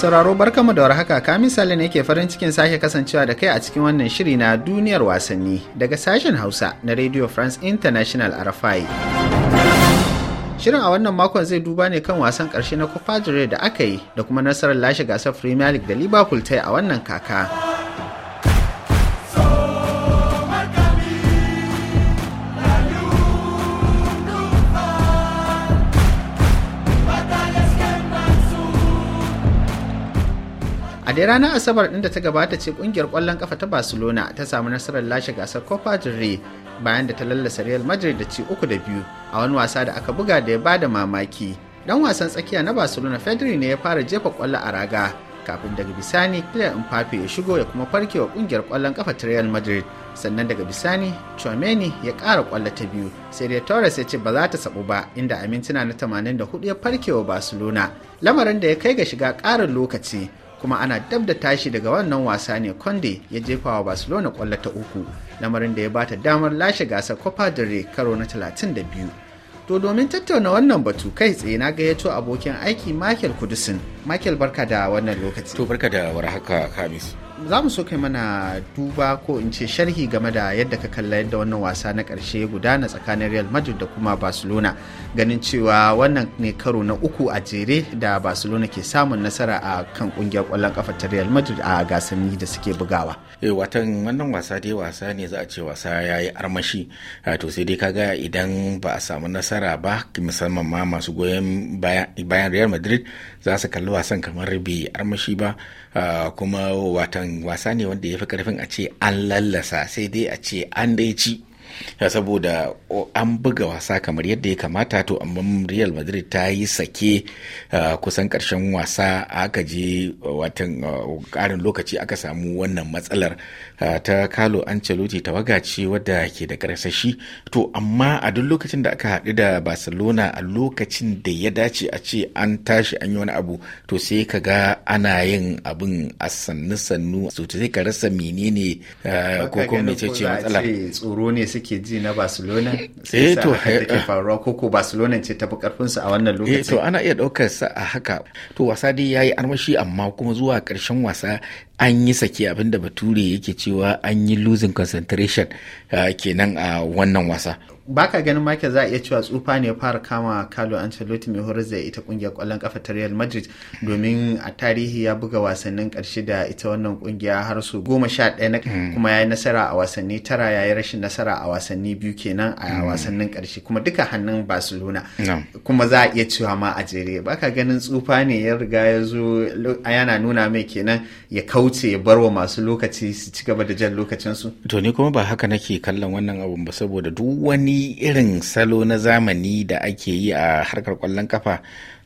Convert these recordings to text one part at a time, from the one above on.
sauraro barkamu da warhaka ka misali ne ke farin cikin sake kasancewa da kai a cikin wannan shiri na duniyar wasanni daga sashen Hausa na Radio France International RFI. Shirin a wannan makon zai duba ne kan wasan karshe na Copa da aka yi da kuma nasarar lashe gasar Premier League da Liverpool ta yi a wannan kaka. a dai ranar asabar ɗin da ta gabata ce ƙungiyar ƙwallon ƙafa ta barcelona ta samu nasarar lashe gasar copa del rey bayan da ta lallasa real madrid da ci uku da biyu a wani wasa da aka buga da ya bada mamaki dan wasan tsakiya na barcelona Federer ne ya fara jefa ƙwallo a raga kafin daga bisani Kylian Mbappe ya shigo ya kuma farkewa ƙungiyar kungiyar kwallon kafa ta Real Madrid sannan daga bisani chomeni ya ƙara kwallo ta biyu sai dai Torres ya ce ba za ta sabu ba inda a mintuna na 84 ya farke wa Barcelona lamarin da ya kai ga shiga ƙarin lokaci kuma ana dab da tashi daga wannan wasa ne Conde ya jefa wa Barcelona kwallo ta uku lamarin da ya bata damar lashe gasar Copa del Rey karo na 32. To domin tattauna wannan batu kai tsaye na gayyato abokin aiki Michael Kudusin. Michael barka da wannan lokaci. To barka da warhaka Kamis. za mu so kai mana duba ko in ce sharhi game da yadda ka kalla yadda wannan wasa na karshe guda gudana tsakanin real madrid da kuma barcelona ganin cewa wannan ne karo na uku a jere da barcelona ke samun nasara a kan kungiyar kwallon kafa ta real madrid a gasanni da suke bugawa eh watan wannan wasa dai wasa ne za a ce wasa ya yi armashi ah, to sai dai kaga idan ba a samu nasara ba musamman ma masu goyon bayan real madrid za su kalli wasan kamar bai armashi ba ah, kuma watan wasa ne wanda ya fi karfin a ce an lallasa sai dai a ce an dai ci saboda an buga wasa kamar yadda ya kamata to amma real madrid ta yi sake kusan karshen wasa aka je watan karin lokaci aka samu wannan matsalar ta kalo ancelotti tawaga ce wadda ke da karsashi to amma a duk lokacin da aka haɗu da barcelona a lokacin da ya dace a ce an tashi an yi wani abu to sai ka ga ana yin abin a sannu sannu to sai ka rasa menene ko kuma mece ce matsalar suke ji na barcelona eh, sai sa haka take eh, eh. faruwa ko ko barcelona ce tafi karfinsu a wannan lokacin to ana iya daukar sa a haka to wasa dai yayi armashi amma kuma zuwa karshen wasa an yi sake abinda bature yake cewa an yi losing concentration uh, kenan a wannan wasa baka ganin make za a iya cewa tsufa ne fara kama Carlo Ancelotti mai horar da ita kungiyar kwallon kafa ta Real Madrid domin a tarihi ya buga wasannin karshe da ita wannan kungiya har su goma sha ɗaya na hmm. kuma ya yi nasara a wasanni tara ya yi rashin nasara a wasanni biyu kenan a hmm. wasannin karshe kuma duka hannun Barcelona kuma za a iya cewa ma a jere baka ganin tsufa ne ya riga ya zo yana nuna mai kenan ya kau wuce ya bar wa masu lokaci su ci gaba da jan lokacinsu? To ni kuma ba haka nake kallon wannan abun ba saboda duk wani irin salo na zamani da ake yi a harkar kwallon kafa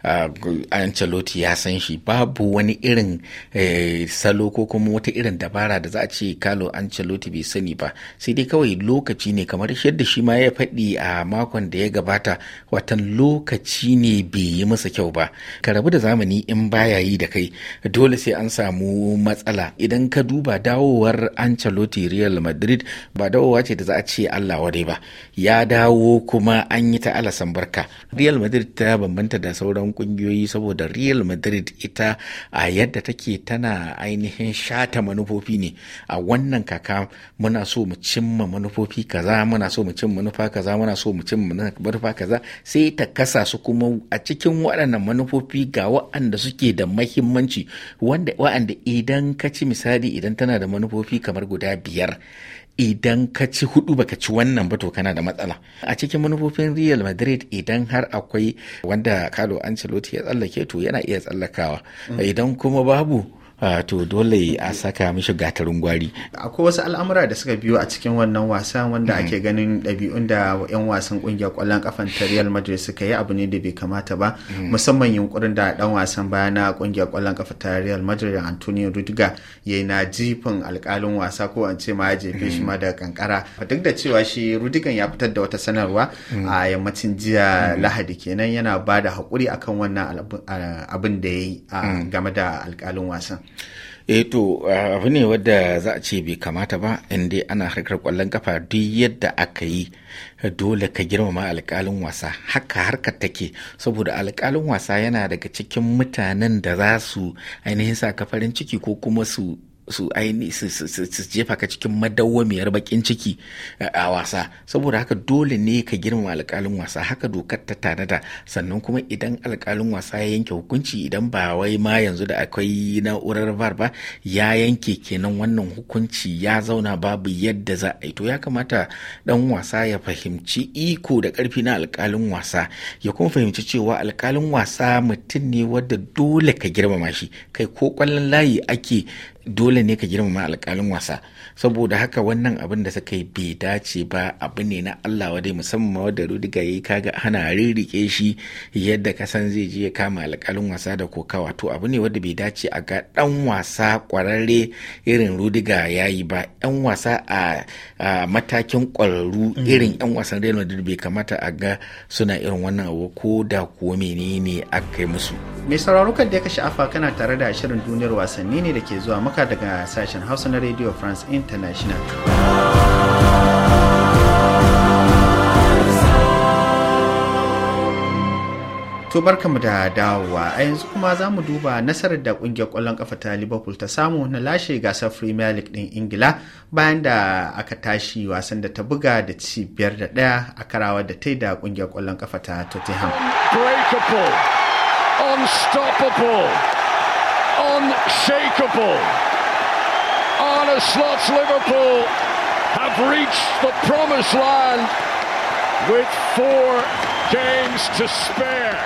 Ah, Ancelotti ya san shi babu wani irin eh, salo ko kuma wata irin dabara da za a ce Carlo Ancelotti bai sani ba sai dai kawai lokaci ne kamar yadda shi ma ya faɗi a makon da ya gabata watan lokaci ne bai yi masa kyau ba ka rabu da zamani in baya yi da kai dole sai an samu matsala idan ka duba dawowar Ancelotti Real Madrid ba dawowa ce da za a ce Allah wadai ba ya dawo kuma an yi ta alasan barka Real Madrid ta bambanta da sauran kungiyoyi saboda real madrid ita a yadda take tana ainihin shata manufofi ne a wannan kaka muna so mu cimma manufofi kaza muna so mu cimma manufa kaza muna so mu cimma manufa kaza sai ta kasa su kuma a cikin waɗannan manufofi ga waɗanda suke da mahimmanci wanda idan ka ci misali idan tana da manufofi kamar guda biyar idan ka ci hudu baka ci wannan ba to kana da matsala a cikin manufofin real madrid idan har akwai wanda carlo ancelotti ya tsallake to yana iya tsallakawa mm. idan kuma babu Ah, to dole a saka mishi gatarin gwari akwai wasu al'amura da suka biyo a cikin wannan wasan. wanda mm-hmm. ake ganin ɗabi'un da 'yan wasan ƙungiyar ƙwallon kafan ta real madrid suka yi abu ne da bai kamata ba mm-hmm. musamman yunkurin da ɗan wasan baya na ƙungiyar ƙwallon kafa ta real madrid antonio rudiger ya na jifin alƙalin wasa ko an ce ma ya jefe shi ma mm-hmm. da kankara duk da cewa shi rudiger ya fitar da wata sanarwa a yammacin jiya lahadi kenan yana ba da haƙuri akan wannan abin da ya yi game da alƙalin wasan eh to eh, abu ne wadda za a ce bai kamata ba inda ana harkar kwallon kafa duk yadda aka yi dole ka girmama alkalin wasa haka harkar take saboda alkalin wasa yana daga cikin mutanen da za su ainihin sa ka farin ciki ko kuma su su aini su jefa ka cikin madawwamiyar bakin ciki eh, a wasa saboda haka dole ne ka girmama alkalin wasa haka dokar ta tanada sannan kuma idan alkalin wasa ya yanke hukunci idan ba wai ma yanzu da akwai na'urar var ba ya yanke kenan wannan hukunci ya zauna babu yadda za a yi to ya kamata dan wasa ya fahimci iko da karfi na alkalin wasa ya kuma fahimci cewa alkalin wasa mutum ne wadda dole ka girmama shi kai ko kwallon layi ake dole ne ka girmama alƙalin wasa saboda haka wannan abin da suka yi bai dace ba abu ne na Allah wa dai musamman wadda Rudiga ya yi kaga ana rirrike shi yadda ka san zai je ya kama alƙalin wasa da kokawa to abu ne wanda bai dace a ga dan wasa kwararre irin Rudiga ya yi ba yan wasa a matakin kwararru mm. irin yan wasan Real Madrid bai kamata a ga suna irin wannan abu ko da kuwa menene aka kai musu. Mai sauraro kan da ya ka sha'afa kana tare da shirin duniyar wasanni ne da ke zuwa haka daga sashen hausa na radio france international to barkamu da dawowa a yanzu kuma za mu duba nasarar da kungiyar kwallon kafa ta liverpool ta samu na lashe gasar premier league din ingila bayan da aka tashi wasan da ta buga da ci biyar da daya a karawa da ta yi da kungiyar kwallon kafa ta tottenham unshakable. Arne Slot's Liverpool have reached the promised land with four games to spare.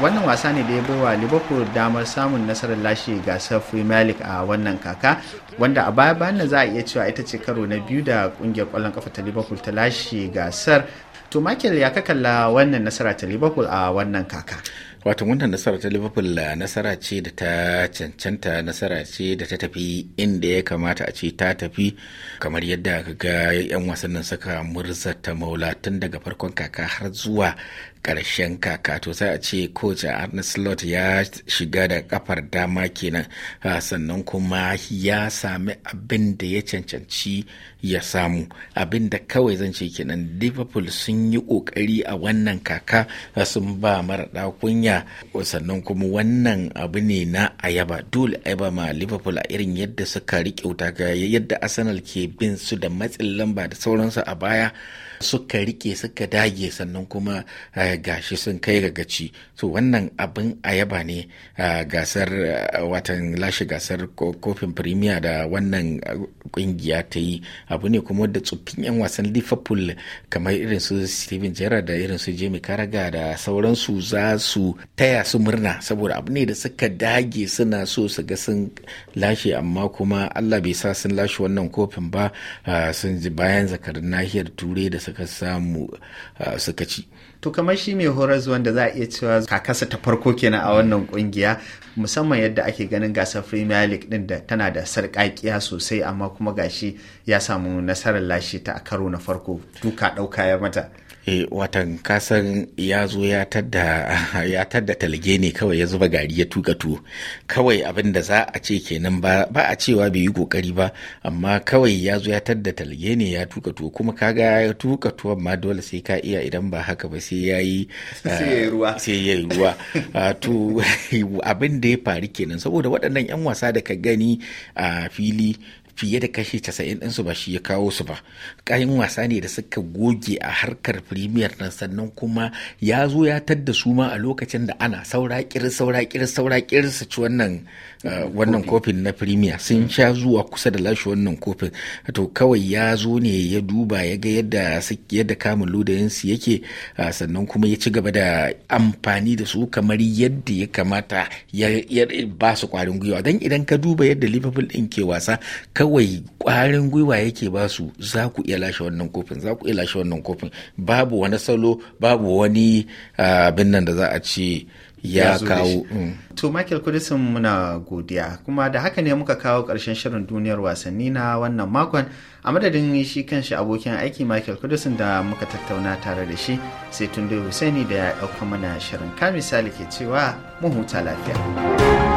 Wannan wasa ne da ya baiwa Liverpool damar samun nasarar lashe gasar Premier League a wannan kaka wanda a baya bayan za a iya cewa ita ce karo na biyu da kungiyar kwallon kafa ta Liverpool ta lashe gasar. To Michael ya kakalla wannan nasara ta Liverpool a wannan kaka. wata wannan nasara ta liverpool eh, nasara ce da ta cancanta nasara ce da ta tafi inda ya kamata a ce ta tafi kamar yadda ga 'yan wasannin suka murza ta maula tun daga farkon kaka har zuwa karshen kaka to sai a ce coach Arne Slot ya shiga da kafar dama kenan ah, sannan kuma ya sami abin da ya cancanci ya samu abin da kawai zan ce kenan Liverpool sun yi ƙoƙari a wannan kaka ah, sun ba mara kunya duniya sannan kuma wannan abu ne na ayaba dole ayaba ma liverpool a irin yadda suka riƙe wuta ga yadda arsenal ke bin su da matsin lamba da sauransu a baya suka rike suka dage sannan kuma eh, gashi sun kai ga gaci to wannan abin a yaba ne eh, gasar eh, watan lashe gasar kofin premier da wannan kungiya ta yi abu ne kuma da tsoffin 'yan wasan liverpool kamar irin su steven gerrard da irin su jamie carragher da sauransu za su taya su murna saboda abu ne da suka dage suna so su ga sun lashe amma kuma allah bai sa sun lashe wannan kofin ba sun ji bayan zakarin nahiyar turai da suka samu suka ci to kamar shi mai horas wanda za a iya cewa kakasa ta farko kenan a wannan kungiya musamman yadda ake ganin gasar premier league din da tana da sarƙaƙiya sosai amma kuma gashi ya samu nasarar lashe ta a karo na farko duka ɗauka ya mata e watan kasan ya zo ya tadda talge ne kawai ya zuba gari ya tuka tuwo kawai abin da za a ce kenan ba a cewa bai yi kokari ba amma kawai ya zo ya tadda talge ne ya tuka tuwo kuma ga ya tuka tuwon ma dole sai ka iya idan ba haka ba sai ya yi sai ya yi ruwa ah, to abin da ya faru kenan saboda waɗannan yan wasa da ka gani a fili fiye da kashi 90 su ba shi ya kawo su ba kayan wasa ne da suka goge a harkar premier nan sannan kuma ya zo ya tadda su ma a lokacin da ana saura kiris saura saura su ci wannan uh, kofin na premier sun mm. sha zuwa kusa da lashe wannan kofin to kawai ya zo ne ya duba ya ga yadda yadda kamun su yake uh, sannan kuma ya ci gaba da amfani da su kamar yadda ya kamata ya ba su kwarin gwiwa don idan ka duba yadda liverpool ɗin ke wasa kawai ƙwarin gwiwa yake ba su za ku iya lashe wannan kofin za ku iya lashe wannan kofin babu wani salo babu wani ah, abin nan da za a ce ya kawo mm. to michael kudisin muna godiya kuma da haka ne muka kawo ƙarshen shirin duniyar wasanni na wannan makon a madadin shi kanshi abokin aiki michael kudisin da muka tattauna tare da shi sai tunde hussaini da ya ɗauka mana shirin ka misali ke cewa mu huta lafiya